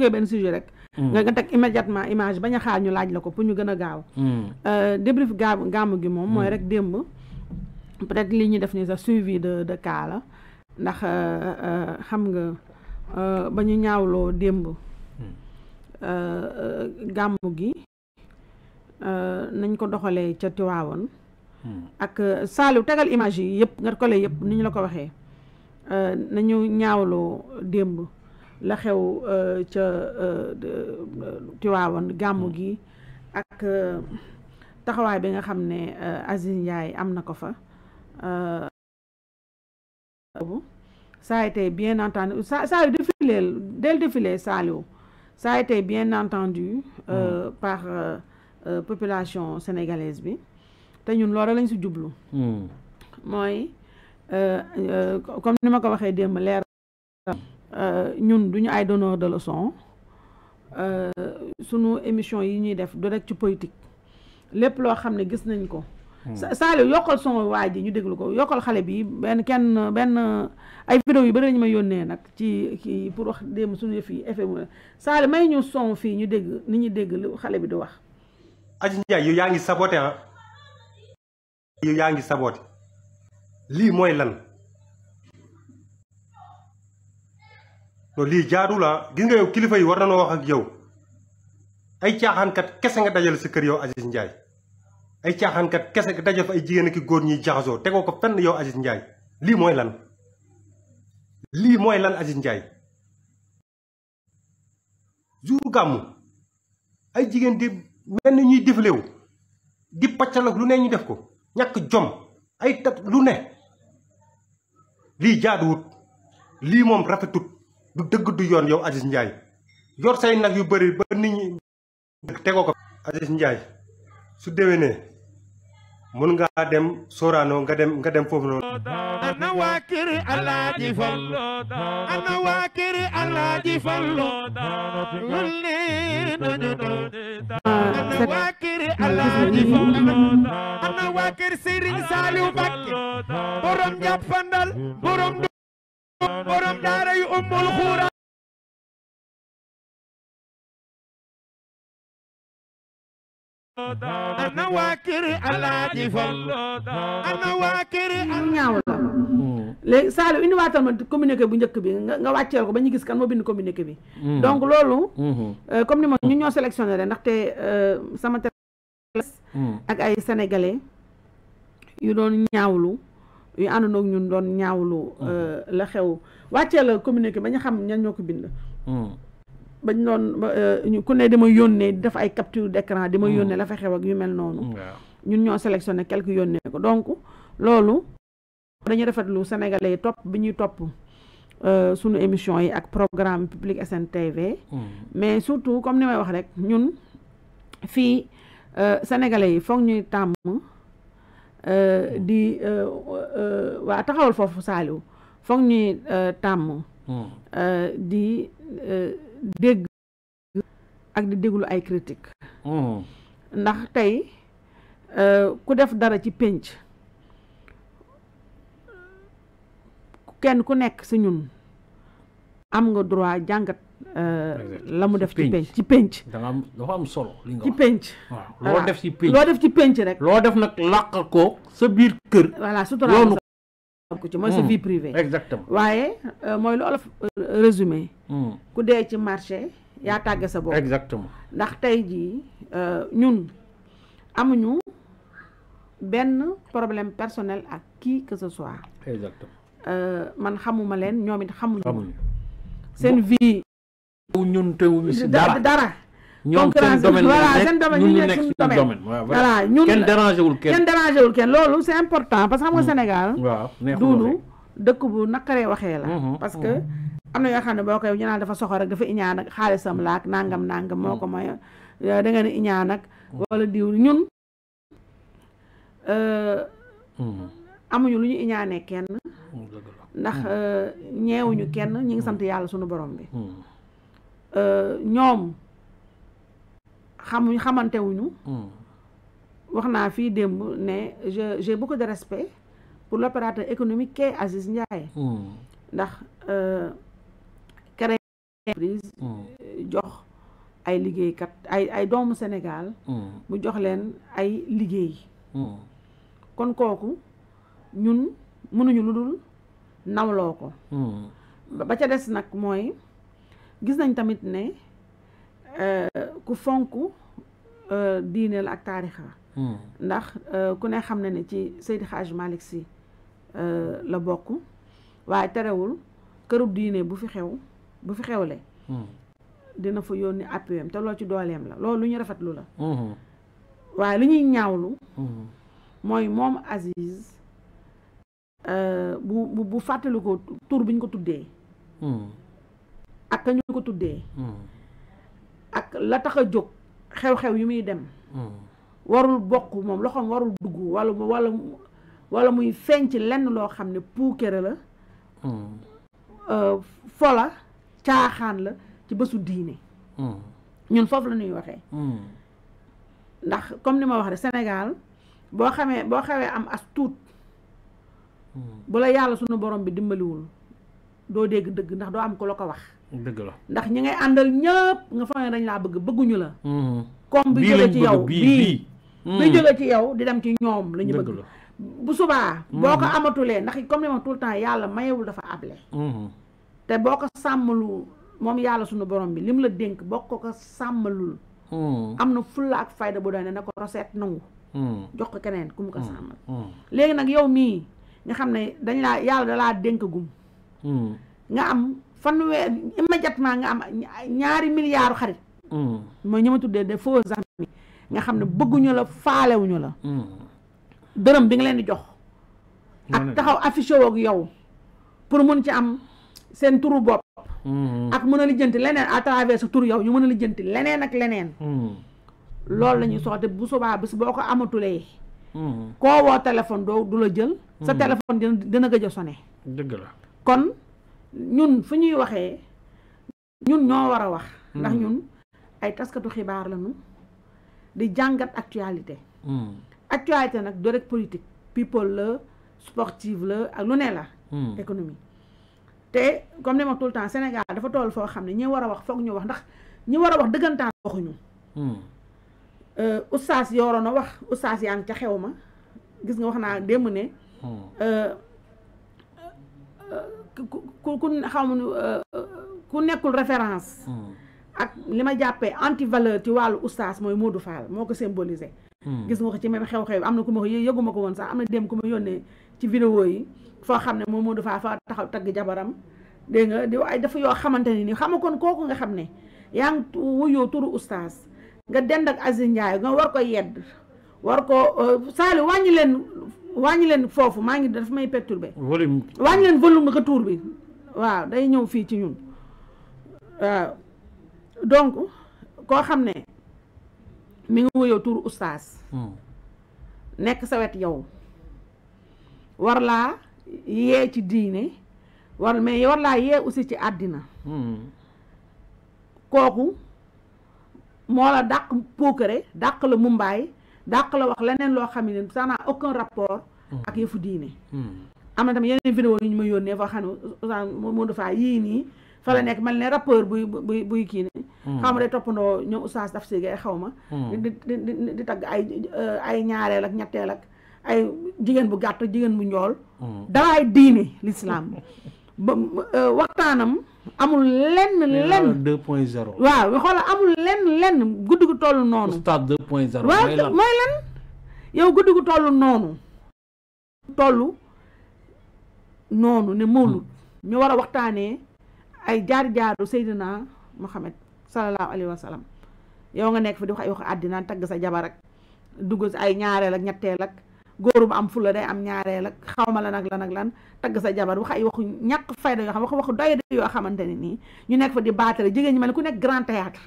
tukkee benn sujet rek mm. teg immédiatement image bañ a xaar ñu laaj la ko pour ñu gën a gaaw mm. euh, débrief gaa gàmm gi moom mooy mm. rek démb peut-être li ñu def ni sax suivi de de cas la ndax euh, euh, xam nga ba ñu ñaawloo démb gàmm gi nañ ko doxalee ca Tiwaawoon ak Saliou tegal image yi yëpp nga ko yëpp ni ñu la ko waxee nañu ñaawloo démb la xew euh, ca euh, euh, tiwawon gamu hmm. gi ak taxaway bi nga xamné ne Aziz Ndiaye am ko fa euh ça a été bien entendu ça ça a défilé dès le défilé Saliou ça a été bien entendu euh, hmm. par euh, population sénégalaise bi te ñun loolu lañ si jublu hmm. mooy comme ni ma ko waxee démb leer Euh, ñun du ñu ay donneur de leçon euh, sunu émission yi ñuy def du rek ci politique lépp loo xam ne gis nañ ko hmm. Saliou yokkal son waa ji ñu déglu ko yokkal xale bi benn kenn benn ay vidéo yu bëri ñu may yónnee nag ci kii pour wax démb suñu yëf yi effet may ñu son fii ñu dégg ni ñu dégg lu xale bi di wax Adji Ndiaye yaa ngi saboté ah yow yaa ngi saboté lii mooy lan non lii jaadu la gis nga yow kilifa yi war nañoo wax ak yow ay caaxaankat kese nga dajal sa kër yow Aziz Ndiaye ay caaxaankat kese nga dajal fa ay jigéen ki góor ñiy jaxasoo tegoo ko fenn yow Aziz Ndiaye lii mooy lan lii mooy lan Aziz Ndiaye jour gàmmu ay jigéen di mel ni ñuy défléwu di paccal lu ne ñu def ko ñàkk jom ay tat lu ne lii jaaduwut lii moom rafetut du dëgg du yoon yow Aziz Ndiaye yor say nag yu bari ba nit ñi tegoo ko Aziz Ndiaye su déwénee mun ngaa dem Sorano nga dem nga dem foofu noonu ana waa këri Alaaji Fallu ana waa këri Alaaji Fallu ana waa këri Alaaji Fallu ana waa këri Serigne Saliou borom daara yu ummul xuura ma communiqué bu njëkk bi nga wàcceel ko ba ñu gis kan moo bind communiqué bi mm. donc loolu mm-hmm. euh, comme ñu ñoo sélectionné la ndaxte euh, sama télé mm. ak ay sénégalais yu doon ñaawlu yu àndandoog ñun doon ñaawlu mm. euh, la xew wàccee la communiqué ba ñu xam ñan ñoo ko bind mm. bañ doon euh, ku ne dama yónnee def ay capture di dama mm. yónnee la fa xew ak yu mel noonu ñun ñoo sélectionné quelque yónnee ko donc loolu dañuy rafetlu sénégalais yi topp bi ñuy topp euh, sunu émission yi ak programme Public SN TV mais surtout comme ni may wax rek ñun fii sénégalais yi foog ñuy tàmm Euh, di euh, euh, waa taxawal foofu Saliou foog ñuy tàmm hmm. di dégg ak di déglu ay critique hmm. ndax tey ku def dara ci pénc kenn ku nekk si ñun am nga droit jàngat la mu def ci penc ci penc. da nga am dafa am solo li nga wax ci penc. waaw loo def ci penc loo def ci penc rek. loo def nag làq ko sa biir kër. voilà suturaal ko ci mooy sa hmm. vie privée. exactement waaye euh, mooy lu euh, résumé. Hmm. ku dee ci marché yaa tàgge sa bopp. exactement ndax tey jii euh, ñun amuñu benn problème personnel ak qui que ce soit. exactement man xamuma leen ñoom it xamuñu. seen vie. ñunte wuñu ci dara dara ñoom seen domaine voilà seen domaine ñu nekk suñu domaine voilà ñun kenn dérangé wul kenn dérangé wul kenn loolu c'est important parce que xam nga hmm. Sénégal duulu dëkk bu nakaree waxee la hmm, hmm. parce que am na yoo xam ne boo koy ñu naan dafa soxor rek dafa iñaan ak xaalisam laak nangam nangam moo ko may ya, da nga ne iñaan ak wala diw ñun euh, amuñu lu ñu kenn ndax euh, ñeewuñu kenn ñi ngi sant yàlla sunu borom bi Euh, ñoom xamuñ xamantewuñu hmm. wax naa fii démb ne je j'ai beaucoup de respect pour l'opérateur économique qu'est Aziz Ndiaye hmm. ndax euh, créer entreprise hmm. jox ay liggéeykat ay doomu Sénégal mu jox leen ay liggéey kon kooku ñun mënuñu lu dul nawloo ko ba ca des nag mooy gis nañ tamit ne euh, ku fonk euh, diine la ak taarixa hmm. ndax euh, ku ne xam na ni ci Seydi Hadj Malick Sy la bokk waaye terewul kërub diine bu fi xew bu fi xewle hmm. dina fa yónni appuyam te loolu ci dooleem la loolu lu ñu rafetlu la hmm. waaye lu ñuy ñaawlu mooy moom Aziz bu bu fàttali tur bi ñu ko tuddee ak kañu ko tuddee hmm. ak la tax a jóg xew-xew yu muy dem hmm. warul bokk moom loxoom warul dugg wala wala wala muy feeñ lenn loo xam ne puukere la hmm. euh, fola caaxaan la ci bésu diine ñun foofu la ñuy waxee ndax comme ni ma wax rek Sénégal boo xamee boo xawee am as tuut bu la yàlla sunu borom bi dimbaliwul doo dégg dëgg ndax doo am ko la ko wax dëgg la ndax ñi ngay àndal ñëpp nga foog ne dañ laa bëgg bëgguñu la. comme mm-hmm. bi jóge ci yow bii bi mm. jóge ci yow di dem ci ñoom la ñu bëgg. bu subaa. boo ko mm-hmm. amatulee ndax comme li ma tout le temps yàlla mayewul dafa able. Mm-hmm. te boo ko sàmmalu moom yàlla sunu borom bi lim la dénk boo ko ko sàmmalul. am na fulla ak fayda bu doy ne na ko recette nangu. jox ko keneen ku mu ko sàmmal. léegi nag yow mii nga xam ne dañ laa yàlla dalaa dénk nga am. fanweer maa nga am ñaari milliards xarit. Hmm. mooy ñi ma tuddee des faux amis nga xam ne bëgguñu la faalewuñu la. Hmm. dërëm bi nga leen di jox. ak taxaw affiché yow pour mën ci am seen turu bopp. Hmm. ak mën a lijjanti leneen à travers sa tur yow ñu mën a lijjanti leneen ak leneen. loolu la ñuy te bu subaa bés boo ko amatulee. koo woo téléphone doo du la jël. sa téléphone dina dina gëj a sonné. dëgg kon. ñun fu ñuy waxee ñun ñoo war a wax hmm. ndax ñun ay taskatu xibaar lañu di jàngat actualité hmm. actualité nag do rek politique people la sportive la ak lu ne la hmm. économie te comme ni ma tout le Sénégal dafa toll foo xam ne ñi war a wax foog ñu wax ndax ñi war a wax dëggantaan waxuñu euh, oustaz yooroon a wax oustaz yaa ngi ca xew ma gis nga wax naa démb ne euh, ku ku xamuñu euh, euh, ku nekkul référence. Hmm. ak li ma jàppee anti valeur ci wàllu oustaz mooy Modou Fall moo ko symbolisé. Hmm. gis nga ko ci même xew-xew am na ku ma ko yëgu ma ko woon sax am na dem ku ma yónnee ci vidéo yi foo xam ne moom Modou Fall fa taxaw tagg jabaram dégg nga di ay dafa yoo xamante ne ni xam nga kon kooku nga xam ne yaa ngi wuyoo turu oustaz nga dend ak Aziz Ndiaye nga war ko yedd war ko euh, Saliou wàññi wàññi leen foofu maa ngi daf may perturbé. volume wàññi leen volume retour bi waaw day ñëw fii ci ñun waaw donc koo xam ne mi ngi wuyoo tur oustaz. Hmm. nekk sa wet yow war laa yee ci diine war mais war laa yee aussi ci àddina. Hmm. kooku moo la dàq pookare dàq la mumbaay dàq la wax leneen loo xam ne ça n'a aucun rapport hmm. ak yëfu diine hmm. am na tamit yeneen vidéo yu ñu ma yónnee foo xam ne Modou Fall yii nii fa la hmm. nekk mel ne rappeur buy buy buy kii ne xaw ma day toppandoo ñoom oustaz daf sigay xaw ma di di di tagg ay euh, ay ñaareel ak ñetteel ak ay jigéen bu gàtt jigéen bu njool dalaay diine l'islam euh, waxtaanam amul lenn lenn. point zéro. waaw xoola amul lenn lenn guddi gu toll noonu. stade deux point zéro. mooy lan yow guddi gu tollu noonu. tollu noonu ne mawlud hmm. ñu war a waxtaanee ay jaar-jaaru Seydina Muhammad sallallahu alayhi wa yow nga nekk fi di wax ay wax àddinaan tagg sa jabar ak dugg si ay ñaareel ak ñetteel ak. góor bu am fulla day am ñaareel ak xawma lan ak lan ak lan tagg sa jabar wax ay waxu ñàkk fayda yoo wax waxu doy yoo xamante ne nii ñu nekk fa di baatare jigéen ñi mel ku nekk grand théâtre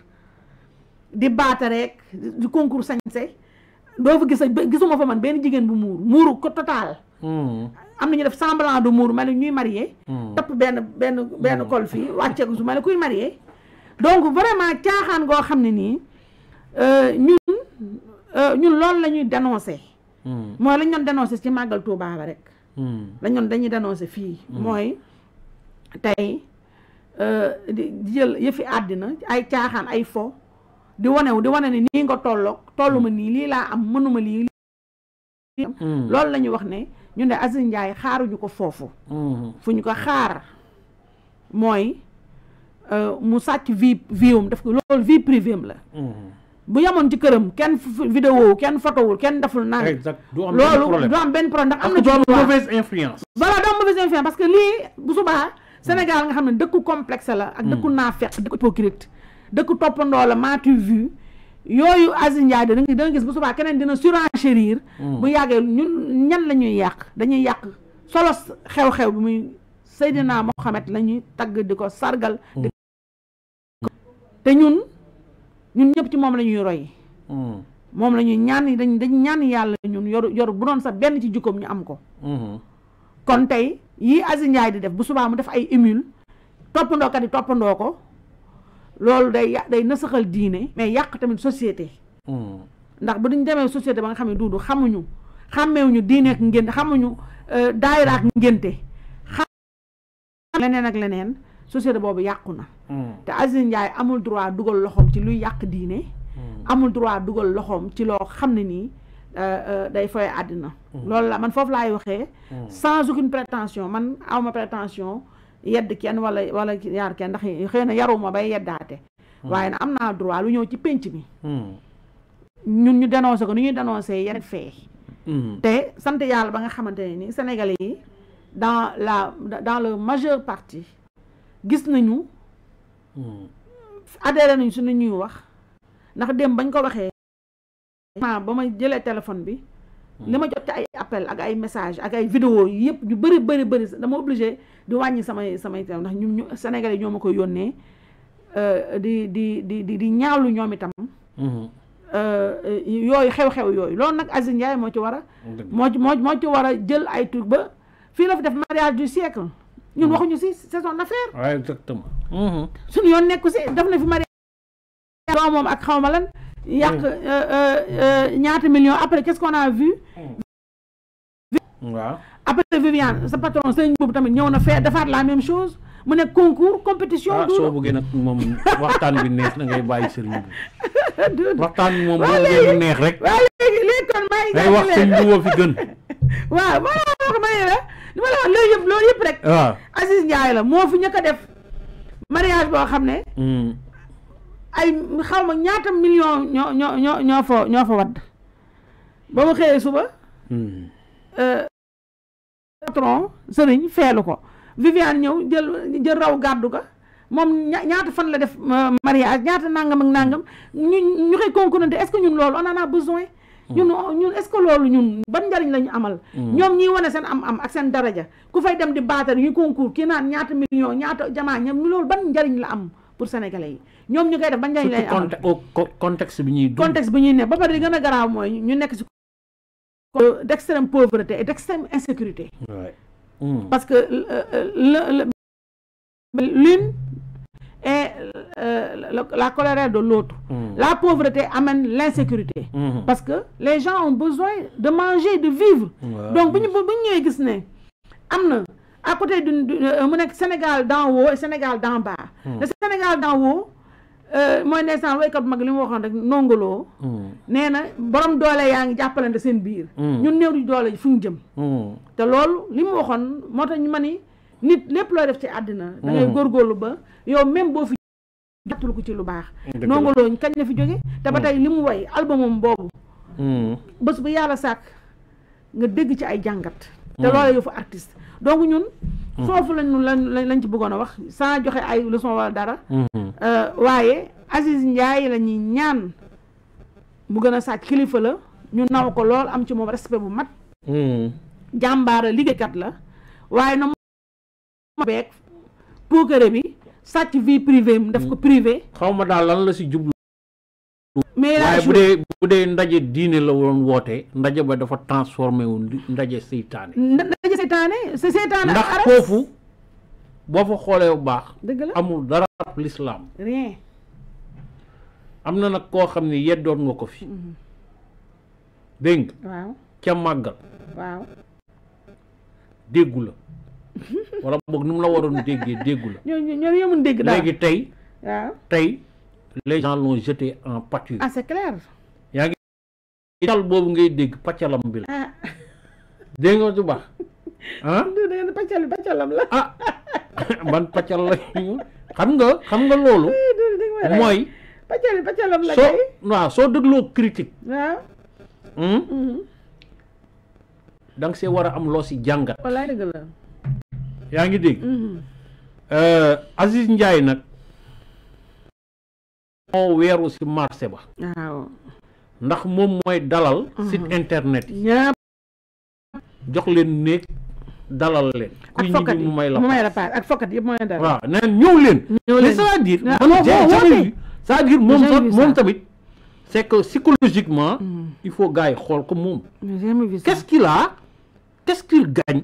di baatareek di concours sañse doo fa gis gisuma fa man benn jigéen bu muur muuru ko total hmm. am na ñu def semblant de muur mel ñuy marié hmm. topp benn benn benn hmm. col fii wàcceeku su mel kuy marie donc vraiment caaxaan goo xam ne nii euh, ñun euh, ñun loolu la ñuy dénoncé Mm. mooy lañ doon dénoncé ci màggal Touba ba rek mm. lañ dañuy dénoncé fii mm. mooy tey euh, di jël yëfi àddina ay caaxaan ay fo di wanewu di wane ne nii nga tolloog tolluma nii lii laa am mënuma lii loolu la wax ne ñu ne Aziz Ndiaye xaaruñu ko foofu fu ñu ko xaar mooy euh, mu sàcc vie vie wum daf ko loolu vie privée la bu yemoon ci këram kenn vidéo kenn fotowul kenn deful naan loolu du am benn problème ndax am na ci mauvaise influence voilà du am mauvaise influence parce que lii bu subaa Sénégal nga xam ne dëkku complexe la ak dëkku hmm. naafeq dëkku hypocrite dëkku toppandoo la maatu vu yooyu Aziz Ndiaye da nga gis bu subaa keneen dina surenchérir hmm. bu yàggee ñun ñan la ñuy yàq dañuy yàq solo xew-xew bi muy Seydina hmm. Mohamed la ñuy tagg di ko sargal te ñun ñun ñëpp ci moom la ñuy roy hmm. moom la ñuy ñaan dañ dañ ñaan yàlla ñun yoru yoru bu doon sax benn ci jukkoom ñu am ko hmm. kon tey yii Aziz di def bu subaa mu def ay émule toppandoo kat yi toppandoo ko loolu day day nasaxal diine mais yàq tamit société hmm. ndax bu duñ demee société ba nga xam ne duudu xamuñu xàmmewuñu diine ak ngénte xamuñu euh, daayira ak ngénte xam leneen ak leneen société bobu yakuna te Aziz Ndiaye amul droit dugal loxom ci luy yak diine. amul droit dugal loxom ci lo xamni ni euh euh day foy adina loolu la man foofu lay waxe sans aucune prétention man awma prétention yedd ken wala wala yar ken ndax xeyna yaruma bay yeddate waye na amna droit lu ñëw ci pench bi ñun ñu dénoncer ko nu dénoncer yene fe te sante yàlla ba nga xamanteni ni Sénégalais yi dans la dans le majeure partie. gis nañu hmm. adhéré nañ suñu ñuy wax ndax dem bañ ko waxee ma ba may jëlee téléphone bi li hmm. ma jot ay appel ak ay message ak ay vidéo yëpp yu bëri bëri bëri dama obligé di wàññi samay samay tam ndax ñu ñu sénégalais ñoo ma koy yónnee euh, di di di di di ñaawlu ñoom itam hmm. euh, euh, yooyu xew-xew yooyu loolu nag Aziz Ndiaye moo ci war a moo ci moo ci war a jël ay tur ba fii la fi def mariage du siècle ñun mhm. waxuñu si saison d'affaire. ouais exactement. Mhm. suñu yoon nekk si def na fi mari moom ak xawma lan. yàq mhm. euh, euh, euh, ñaata million après qu'est-ce qu'on a vu. waaw après Vivian sa patron sëñ boobu tamit ñëw na fee defaat la même chose mu nekk concours compétition. ah soo bëggee nag moom waxtaan bi neex na ngay bàyyi sëriñ bi. waxtaan bi moom moo neex rek. waaw léegi léegi kon maa ngi. wax sëñ bi fi gën. waaw voilà. wax ma ne la li ma la wax loolu yëpp loolu yëpp rek. waaw ah. Aziz Ndiaye la moo fi ñëkk a def mariage boo xam ne. Hmm. ay xaw ma ñaata million ñoo ñoo ñoo ñoo fa ñoo fa wadd ba mu xëyee suba. Hmm. Euh, patron sëriñ feelu ko Viviane ñëw jël jël raw gàddu ga moom ñaata fan la def euh, mariage ñaata nangam ak nangam hmm. ñu ñu koy concurrente est-ce que ñun loolu on en a besoin. Mm. ñun oh, ñun est loolu ñun ban njariñ la ñu amal mm. ñoom ñiy wane seen am am ak seen daraja ku fay dem di baatar ñu concours kii naan ñaata million ñaata jamaa ñam ñoom loolu ban njariñ la am pour sénégalais yi ñoom ñu koy def ban njariñ la ñu amal oh, contexte bi ñuy contexte bi ñuy ne ba pare li gën a garaaw mooy ñu nekk si d'extrême pauvreté et d'extrême insécurité mm. parce que euh, euh, l'une et euh, la colère de l'autre. Mm. La pauvreté amène l'insécurité. Mm -hmm. Parce que les gens ont besoin de manger, de vivre. Donc, nous à côté du euh, Sénégal d'en haut et Sénégal d'en bas. Mm. Le Sénégal d'en haut, euh, borom biir ñun nit lépp loo def ci àddina mhm. da ngay góorgóorlu ba yow même boo fi jàttul ko ci lu baax Ndongo Lo fi jóge te ba mhm. tey li mu way albumam boobu mhm. bës bu yàlla sàkk nga dégg ci ay jàngat te loola yow fa artiste donc ñun foofu lañ lañ lañ ci bëggoon a wax saa joxe ay leçon wala dara euh, waaye Aziz Ndiaye la ñuy ñaan mu gën a sàcc kilifa la ñu naw ko lool am ci moom respect bu mat jàmbaara liggéeykat la waaye na beeg puukare bi sàcc vie def ko privé xaw ma daal lan la si jublu mais bu dee bu dee ndaje diine la woon wootee ndaje ba dafa transformé wu ndaje seytaane ndaje seytaane ndax foofu boo fa xoolee bu baax amul dara lislaam rien am na nag koo xam ne yeddoon nga ko fi mhm. dégg ca màggal déggu la wala bok num la waron déggee déggu la. ñoo ñooñu yemun dégg daal légui tay ya. waaw tey les gens l'ont jeté en pâture. ah c'est ah, clair. ya ngi ital bobu ngay dégg pàccalam bi la. ah dégg nga bu baax. Ah? han du ne pàccal pàccalam la. ah ban pàccal la xam nga xam nga lolu moy pàccal pàccalam la kay. soo waaw soo dégloo critique. waaw. hmm mhm. dang see wara am lo ci jangat walaay dëgg la yaa ngi dégg mhm. euh, Aziz Ndiaye nag moo weeru si marché ba ndax moom mooy dalal mhm. site internet yi jox leen néeg dalal leen kuy ñibbi mu may la ak fokat yëpp mooy dalal. waaw naan ñëw leen mais c'est-à-dire man jamais c'est-à-dire moom moom tamit c'est que psychologiquement mhm. il faut gars yi xool ko moom qu'est-ce qu'il a qu'est-ce qu'il gagne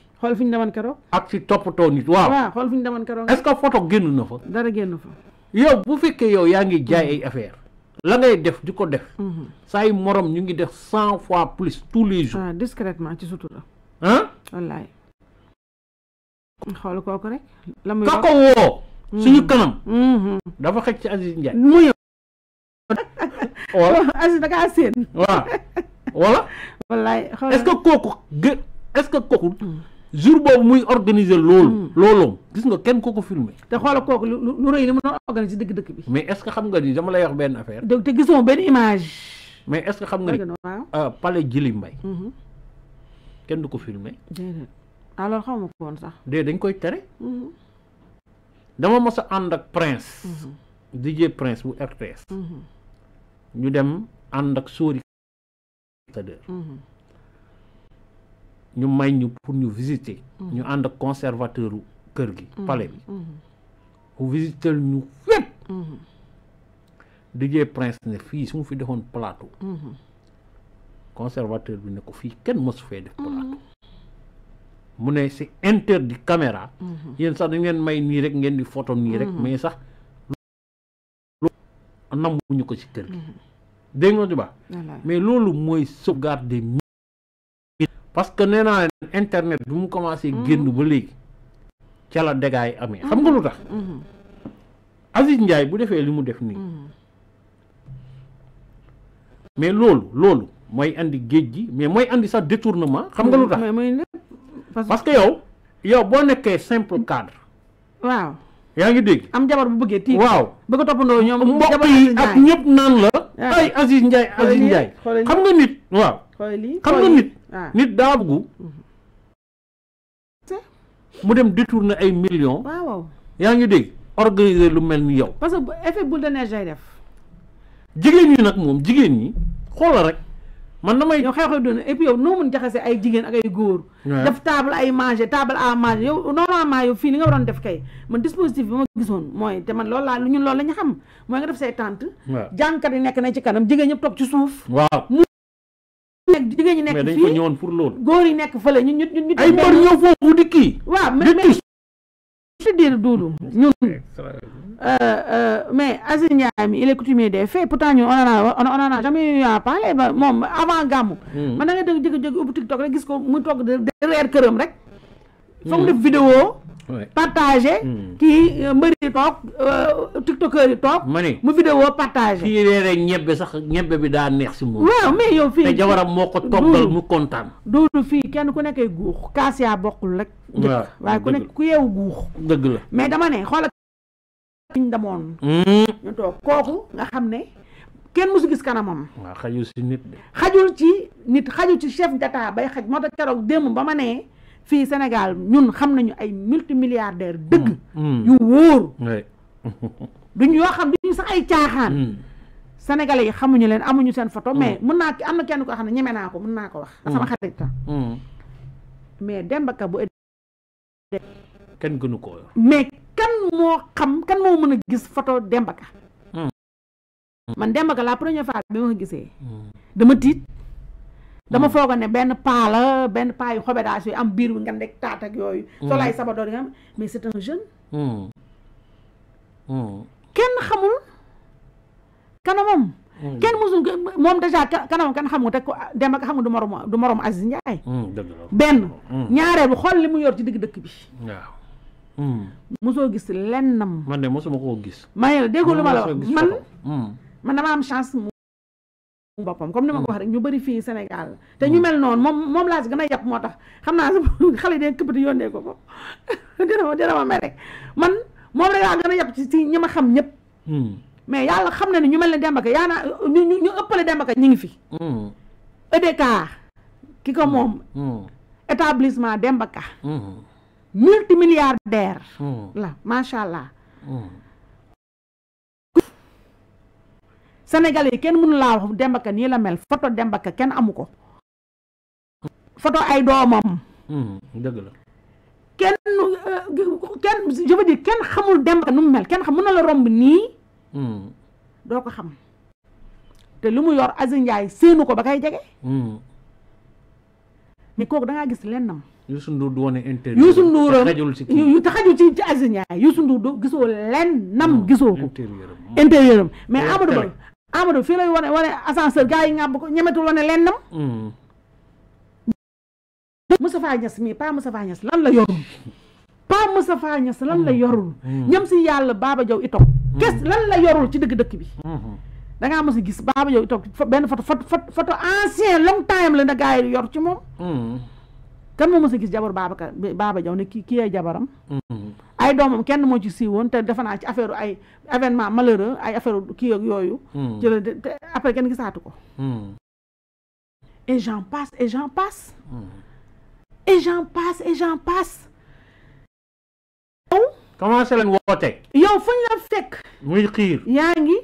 xool fi ñu demoon keroog. ak ci too nit waaw. waaw xool fi ñu demoon keroog. est-ce que photo génn na fa. dara génn fa. yow bu fekkee yow yaa ngi jaay ay mm-hmm. affaire la ngay def di ko def. Mm-hmm. saa yu morom ñu ngi def cent fois plus tous les jours. ah discrètement ci sutura. ah wallaay. xool kooku rek. la muy ka ko woo. Mm-hmm. suñu kanam. dafa xëcc ci Aziz Ndiaye. mu yow. wala Aziz da ngaa séen. waaw wallaay est kooku gë est-ce que kooku. Mm. jour bobu muy organiser loolu. Hmm. loolu gis nga kenn koko ko filmé. te xol kooku lu lu reuy ni mo doon organiser deug deug bi. mais est ce que xam nga ni dama lay wax ben affaire. donc te gisuma ben image. mais est ce que xam nga ni euh, palais Djily Mbaye. Mm-hmm. kenn du ko filmé. dede alors ah, xaw ko won sax. dede dañ koy téré hmm dama mossa and ak prince. Mm-hmm. DJ prince bu RTS. hmm ñu dem and ak sóori. ñu may ñu pour ñu visiter. Mm. ñu ànd ak conservateur kër gi. Mm-hmm. palais bi mm-hmm. mu visiter ñu fépp. Mm-hmm. DJ Prince ne fii su mu fi defoon plateau. conservateur bi ne ko fii kenn mësu fee def plateau. mu ne c'est interdit caméra. yéen sax da may nii rek ngeen di photo nii rek mais sax. nammuñu ko ci kër gi. dégg nga ju mais loolu mooy sauvegarde parce que nee naa leen internet bi mu commencé mm-hmm. génn ba léegi ca la dégâts yi amee xam nga mm-hmm. lu tax mm-hmm. Aziz Ndiaye bu defee li mu def nii mais loolu loolu mooy indi géej gi mais mooy indi sax détournement xam nga lu tax parce que yow yow boo nekkee simple cadre yaa ngi dégg am jabar bu bëggee tiit waaw bëgg a toppandoo ñoom mbokk yi ak ñëpp naan la ay Aziz Ndiaye Aziz Ndiaye xam nga nit waaw xam nga nit ah. nit daa bëgg mu dem détourner ay millions yaa ngi dégg organiser lu mel ni yow parce que effet boule de neige lay def jigéen ñi nag moom jigéen ñi xoola rek man damay yow xew-xew doon et puis yow noo mën jaxase ay jigéen ak ay góor def table ay manger table à manger yow normalement yow fii li nga waroon def kay man dispositif bi ma gisoon mooy te man loolu laa ñun loolu la xam mooy nga def say tànt jàngkat yi nekk nañ ci kanam jigéen ñëpp ci suuf nekk jigéen ñi nekk fii ñëwoon pour loolu góor yi nekk fële ñun ñun ay mbër ñëw foofu di kii waaw mais mais je dire Doudou ñun euh, euh, mais Aziz mi il est coutumier des faits pourtant ñun on a on a on a jamais eu à parler moom avant gàmmu hmm. man da nga dégg jékki-jékki ubbi TikTok rek gis ko mu togg de reer këram rek foog def vidéo partagé hmm. kii euh, mbëri yi toog euh, tiktokeur yi toog ma ni mu vidéo partagé kii reere ñebbe sax ñebbe bi daa neex si moom waaw mais yow fii te jabaram moo ko toggal mu kontaan doodu fii kenn ku nekkee guux kaas yaa bokkul rek dëkk waaye ku nekk ku yeewu guux dëgg la mais dama ne xoola kiñ damoon hmm. ñu toog kooku nga xam ne kenn mu musu gis kanamam xajul ci xajul ci nit xajul ci chef d'état bay xaj moo tax keroog démb ba ma nee fii Sénégal ñun xam nañu ay multimilliardaire dëgg mm, mm. yu wóor duñ yoo xam duñu sax ay caaxaan mm. sénégalais yi xamuñu leen amuñu seen foto mais mun naa am na kenn koo xam ne ñeme naa ko mën naa ko wax sama xarit mais Demba Ka bu kenn gënu ko mais kan moo xam kan moo mën a gis photo Demba Ka man Demba Ka la première fois bi ma ko gisee dama tiit dama mm. foogoon ne benn paa la benn paa yu xobédaas yu am biir wi nga nekk taat ak yooyu mm. solo ay sabadoor yi nga xam mais c'est un jeune mm. kenn xamul kanamam kenn musul moom déjà kanamam kenn xamul te dem ak xamul du morom du morom Aziz Ndiaye benn ñaareelu xool li mu yor ci digg dëkk bi waaw mosoo gis lennam man de mosuma koo gis ma ne la déggu lu ma la wax man man dama am chance boppam comme ni ma ko mm. wax rek ñu bëri fii Sénégal te ñu mm. mel noonu moom moom laa si gën a yàpp moo tax xam naa su xale dee këppati yónnee ko ko dina ma ma may rek man moom rek laa gën a yàpp ci si ñi ma xam ñëpp mm. mais yàlla xam na ni ñu mel ne Demba Ka yaa naa ñu ñu ëppale Demba Ka ñu ngi fi EDK ki ko moom établissement Demba Ka multimilliardaire la macha allah senegal yi kenn mënu laa dembaka nii la mel photo Demba Ka kenn amu ko photo ay doomam hmm, dëgg kenn kenn je veux dire kenn xamul Demba nu mu mel kenn xam mën na la romb nii hmm. doo ko xam te lu mu yor Aziz Ndiaye séenu ko ba kay jege hmm. mais kooku dangaa gis lennam Youssou Ndour du wane interview Youssou Ndour te ci ci Aziz Ndiaye Youssou Ndour du gisoo lennam gisoo ko intérieur mais Amadou Ba Amadou fii lay wane wane ascenseur gars yi ngàbb ko ñemetul wane lennam hmm. Moustapha Niass mii pa Moustapha Niass lan la yorul pa Moustapha Niass lan la hmm. yorul hmm. ñam si yàlla Baba Diaw itog kes lan la yorul ci dëgg dëkk bi da ngaa mos gis Baba Diaw itog benn photo photo photo ancien long la na gars yor ci moom kan mu mos a gis jabar Babacar Baba Diaw ne kii kii ay jabaram ay doomam kenn moo ci siiwoon te defe naa ci affaire ay événement malheureux ay affaire kii ak yooyu. Hmm. jël te après kenn gisaatu ko. Hmm. et j'en passe et j'en passe. Hmm. et j'en passe et j'en passe. yow. commencé leen woote. yow fu la fekk. muy xiir yaa ngi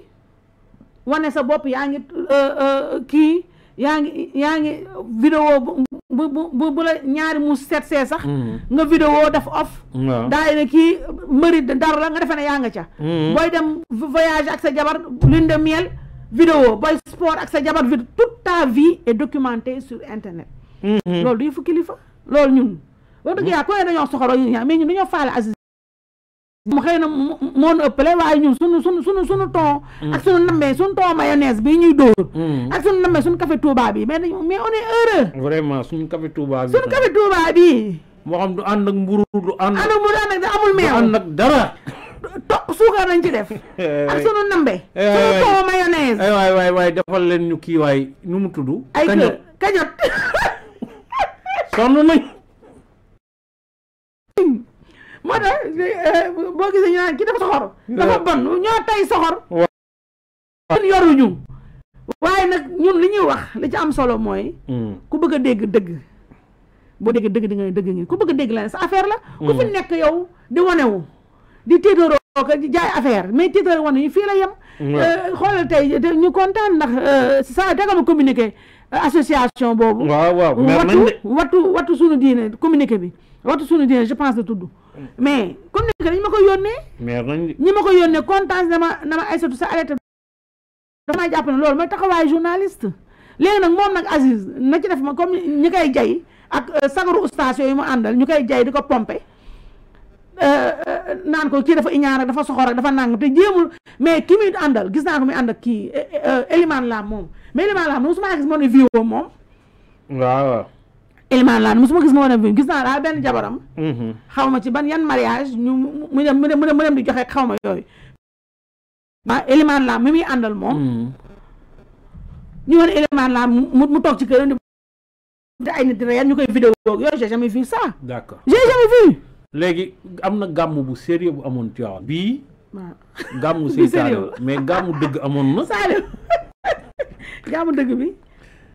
wane sa bopp yaa ngi euh, euh, kii yaa ngi yaa ngi vidéo bu bu bu la ñaari mu seet see sax mm. nga vidéo def off daal ne kii mëri dara la nga defee yaa nga ca mm. booy dem voyage ak sa jabar lune de miel vidéo booy sport ak sa jabar vidéo toute ta vie est documentée sur internet mm-hmm. loolu du yëfu kilifa loolu ñun wax dëgg yaa koy dañoo soxoro yi ñaa mais ñun dañoo faale Aziz moom xëy na moo nu ëppale waaye ñun sunu sunu sunu sunu ton mm. ak sunu nammee sunu ton mayonnaise bi ñuy dóor mm. ak sunu nammee sunu café Touba bi mais mais on est vraiment sunu café Touba bi bi moo xam du ànd ak mburu du ànd ak mburu ànd ak da amul meew du ànd ak dara suukar lañ ci def ak sunu nambe sunu ton mayonnaise ay waay waay defal leen ñu kii waay nu mu tudd ay kañot kañot sonn nañ moo tax eh, boo gisee ñu naan ki dafa soxor dafa bon ñoo tey soxor waaye nag ñun li ñuy wax li ci am solo mooy mm. ku bëgg a dégg dëgg boo dégg dëgg di dëgg ngi ku bëgg a dégg la sa affaire la ku fi mm. nekk yow di wanewu di tiitaroo ko di jaay affaire mais tiitaroo wane yi fii la yem eh, xoolal tey ñu kontaan ndax eh, sa dagama communiqué association boobu waaw waaw wattu wattu wattu suñu diine communiqué bi waxtu suñu di je pense la tudd mais comme ni que ma ko yónnee ñi ma ko yónnee kontaan dama dama Aïssatou sa arrêté dama jàpp ne loolu mooy taxawaay journaliste léegi nag moom nag Aziz na ci def ma comme ñu koy jay ak euh, sagaru ustaas yi mu àndal ñu koy jay di ko pompe euh, euh, naan ko kii dafa iñaan dafa soxor dafa nang te jéemul mais ki muy àndal gis naa ko muy ànd ak kii Eliman Lam moom mais Eliman Lam moom su ma gis moo ne viwo moom Elimane Laan musuma gis ma war a gis naa daal benn jabaram. Mm-hmm. xaw ma ci ban yan mariage ñu mu dem mu dem di joxe xaw ma yooyu. ah Elimane Laan mi muy àndal moom. Mm-hmm. ñu woon mu mu toog ci këram di ay ñu koy vidéo yooyu j'ai jamais vu ça. d'accord j'ai jamais léegi am na gàmm bu sérieux bu amoon Tivaouane bii. waaw gàmmu seytaane mais gàmmu dëgg amoon na. gàmmu dëgg bi.